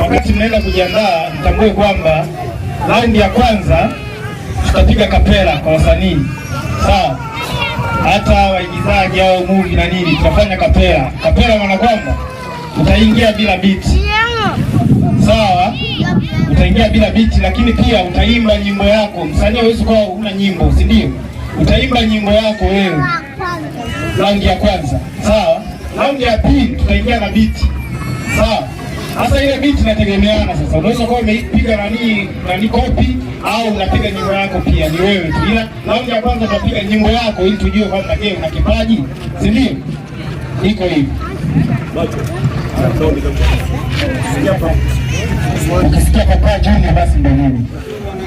wakati mnaenda kujiandaa, mtambue kwamba raundi ya kwanza tutapiga kapela kwa wasanii sawa, hata waigizaji au movie na nini, tutafanya kapela. Kapela maana kwamba utaingia bila biti sawa, utaingia bila biti, lakini pia utaimba nyimbo yako. Msanii hawezi kuwa una nyimbo, si ndio? Utaimba nyimbo yako wewe, raundi ya kwanza sawa. Raundi ya pili tutaingia na biti sawa sasa ile beat inategemeana sasa. Unaweza kuwa umeipiga nani nani copy au unapiga nyimbo yako pia ni wewe tu. Ila raundi ya kwanza utapiga nyimbo yako ili tujue kwamba je, una kipaji? Si ndio? Iko hivi. Ukisikia Papa Junior basi ndio nini?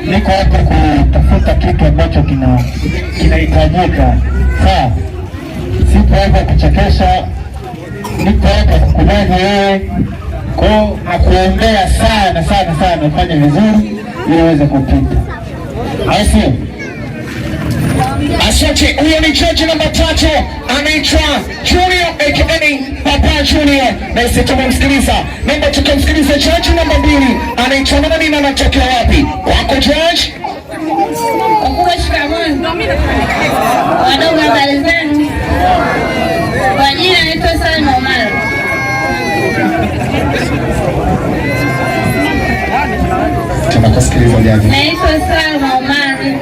Niko hapo kutafuta kitu ambacho kina kinahitajika. Sawa. Sipo hapa kuchekesha. Niko hapa kukubaga wewe. Kwao nakuombea sana sana sana, ufanye vizuri ili uweze kupita, au sio? Asante. Huyo ni jaji namba tatu, anaitwa Junior Ekeni, Papa Junior, na sisi tumemsikiliza. Namba tukamsikilize jaji namba mbili, anaitwa nani na anatokea wapi? Wako jaji mtangazaji. Naitwa Salma Omari.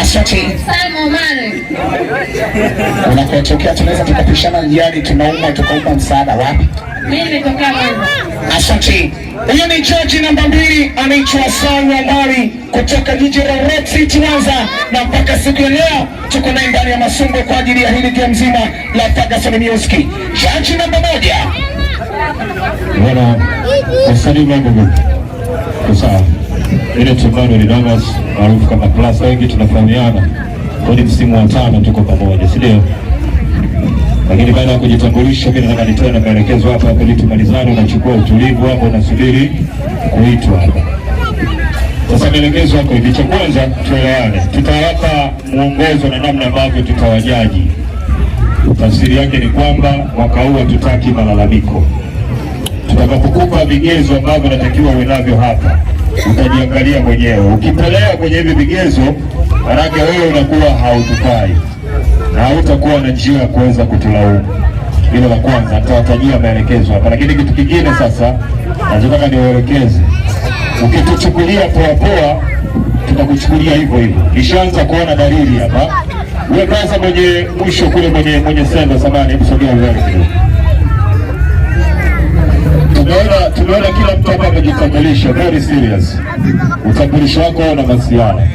Asante. Salma Omari. Unakotokea tunaweza tukapishana njiani, tunauma tukaomba msaada wapi? Mimi nimetoka Asante. Huyo ni jaji namba mbili anaitwa Salma Omari kutoka jiji la Rock City Mwanza, na mpaka siku ya leo tuko naye ndani ya Masungo kwa ajili ya hili game zima la Ferguson Music. Jaji namba moja. Bwana, wasalimu wangu siku sawa. Ile timu yao ni Damas maarufu kama Plus, wengi tunafahamiana. Kwa ni msimu wa tano tuko pamoja, si ndio? Lakini baada ya kujitambulisha, mimi nataka nitoe na maelekezo hapa hapa, ili tumalizane. Unachukua utulivu hapo, unasubiri kuitwa hapa. Sasa maelekezo yako hivi, cha kwanza tuelewane, tutawapa mwongozo na namna ambavyo tutawajaji. Tafsiri yake ni kwamba mwaka huu hatutaki malalamiko. Tutakapokupa vigezo ambavyo natakiwa uwe navyo hapa utajiangalia mwenyewe. Ukitolewa kwenye hivi vigezo, maanake wewe unakuwa hautufai na hautakuwa na njia ya kuweza kutulaumu. Hilo la kwanza, nitawatajia maelekezo hapa, lakini kitu kingine sasa nachotaka niwaelekeze, ukituchukulia poapoa tutakuchukulia hivyo hivyo. Nishaanza kuona dalili hapa. uwe kwanza mwenye mwisho kule, mwenye mwenye senda samani, msogea mbele kidogo Tumeona tumeona kila mtu hapa amejitambulisha, very serious. Utambulisho wako na masiana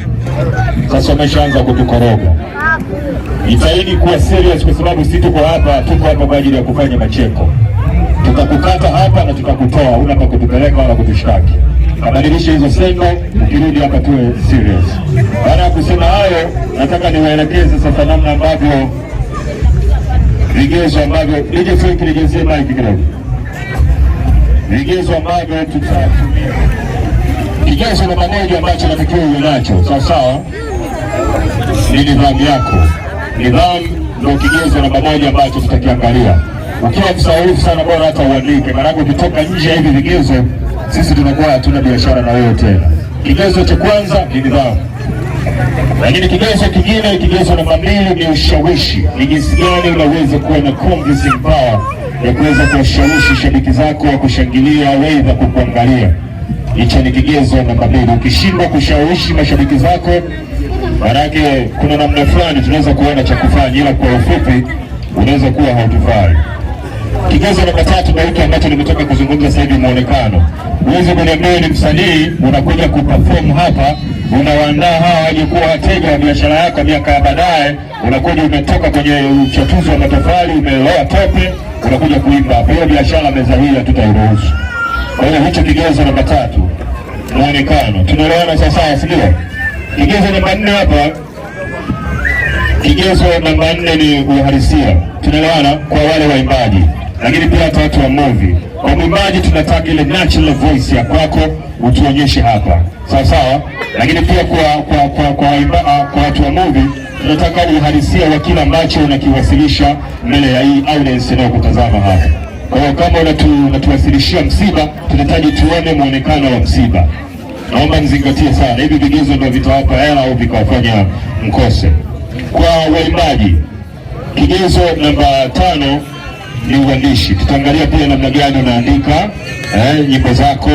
Sasa umeshaanza kutukoroga. Jitahidi kuwa serious kwa sababu sisi tuko hapa, tuko hapa kwa ajili ya kufanya macheko. Tutakukata hapa na tutakutoa, una pa kutupeleka wala kutushtaki. Kabadilisha hizo sendo, ukirudi hapa tuwe serious. Baada ya kusema hayo, nataka niwaelekeze sasa namna ambavyo vigezo ambavyo nije Frank nigezie mic kidogo vigezo ambavyo tutatumia. Kigezo namba moja ambacho natakiwa uwe nacho sawasawa ni nidhamu yako. Nidhamu ndio kigezo namba moja ambacho tutakiangalia. Ukiwa msahaulifu sana, bora hata uandike, maanake ukitoka nje ya hivi vigezo, sisi tunakuwa hatuna biashara na wewe tena. Kigezo cha kwanza ni nidhamu, lakini kigezo kingine, kigezo namba mbili ni ushawishi. Ni jinsi gani unaweza kuwa na convincing power ya kuweza kuwashawishi shabiki zako wa kushangilia weidha kukuangalia. Hicho ni kigezo namba mbili. Ukishindwa kushawishi mashabiki zako, maanake kuna namna fulani tunaweza kuona cha kufanya, ila kwa ufupi unaweza kuwa hautufai. Kigezo namba tatu na hiki ambacho nimetoka kuzungumza sasa hivi, muonekano. Huwezi kuniambia ni msanii unakuja kuperform hapa, unawaandaa hawa waje kuwa wateja wa biashara yako miaka ya baadaye, unakuja umetoka kwenye uchatuzi wa matofali, umeloa tope unakuja kuiba hapo, hiyo biashara meza hii hatutairuhusu. Kwa hiyo hicho kigezo namba tatu, muonekano. Tunaelewana sasa, si Kigezo namba nne hapa, kigezo namba nne ni uhalisia. Tunaelewana kwa wale waimbaji, lakini pia hata watu wa movie. Kwa mwimbaji tunataka ile natural voice ya kwako utuonyeshe hapa, sawa sawa, lakini pia kwa kwa kwa kwa, kwa, kwa watu wa movie nataka uhalisia wa kila ambacho unakiwasilisha mbele ya hii audience inayokutazama hapa. Kwa hiyo kama unatu, unatuwasilishia msiba, tunahitaji tuone mwonekano wa msiba. Naomba mzingatie sana hivi vigezo, ndio vitawapa hela au vikawafanya mkose. Kwa waimbaji, kigezo namba tano ni uandishi. Tutaangalia pia namna gani unaandika eh, nyimbo zako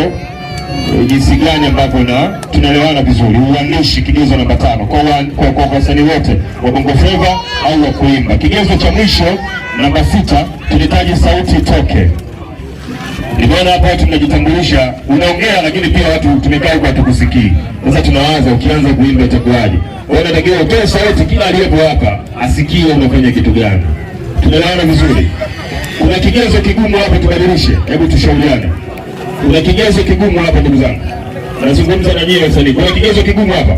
Eh, jinsi gani ambavyo na tunaelewana vizuri. uandishi kigezo namba tano kwa kwa, kwa wasanii wote wa Bongo Flava au wa kuimba. Kigezo cha mwisho namba sita tunahitaji sauti toke. Nimeona hapa watu mnajitambulisha, unaongea lakini pia watu tumekaa huko hatukusikii. Sasa tunawaza ukianza kuimba itakuwaje? Wewe unatakiwa utoe sauti, kila aliyepo hapa asikie unafanya kitu gani. Tunaelewana vizuri? Kuna kigezo kigumu hapa, tubadilishe. Hebu tushauriane kuna kigezo kigumu hapa, ndugu zangu, nazungumza na nyinyi wasanii, kuna kigezo kigumu hapa.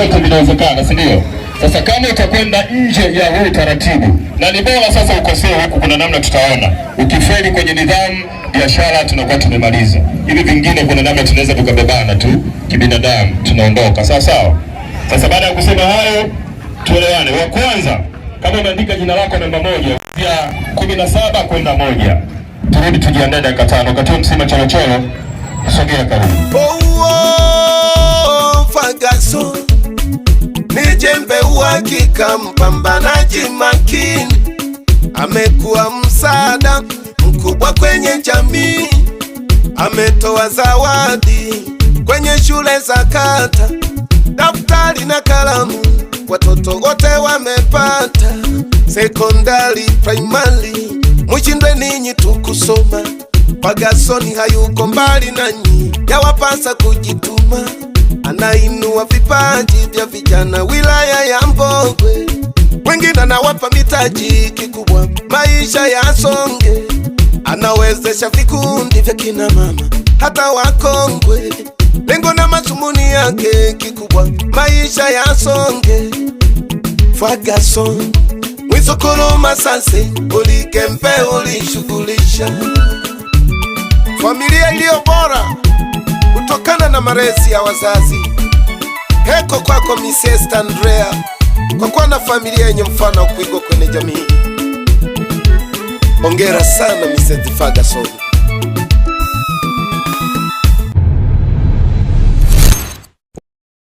Yote vinawezekana, si ndio? Sasa kama utakwenda nje ya huu taratibu, na ni bora sasa ukosee huku, kuna namna tutaona. Ukifeli kwenye nidhamu, biashara tunakuwa tumemaliza. Hivi vingine, kuna namna tunaweza tukabebana tu kibinadamu, tunaondoka sawa sawa. Sasa baada ya kusema hayo, tuelewane. Wa kwanza, kama umeandika jina lako namba moja ya kumi na saba kwenda moja Turudi tujiandae dakika tano. Katoa msima chorochoro, sogea karibu. Oh, oh, Fagason jembe uhakika, mpambanaji makini, amekuwa msaada mkubwa kwenye jamii, ametoa zawadi kwenye shule za kata, daftari na kalamu watoto wote wamepata, sekondari, primary mwishindwe ninyi tukusoma, Wagasoni hayuko mbali nanyi, yawapasa kujituma. Anainua vipaji vya vijana wilaya ya Mbogwe, wengine anawapa mitaji kikubwa, maisha ya songe Anawezesha vikundi vya kina mama hata wakongwe, lengo na masumuni yake kikubwa, maisha ya songe Fagason ulisokoroma sanse, ulikempe, ulishughulisha familia iliyo bora kutokana na malezi ya wazazi. Heko kwako Mrs. Andrea kwa kuwa na familia yenye mfano wa kuigwa kwenye jamii. Hongera sana Mrs. Ferguson.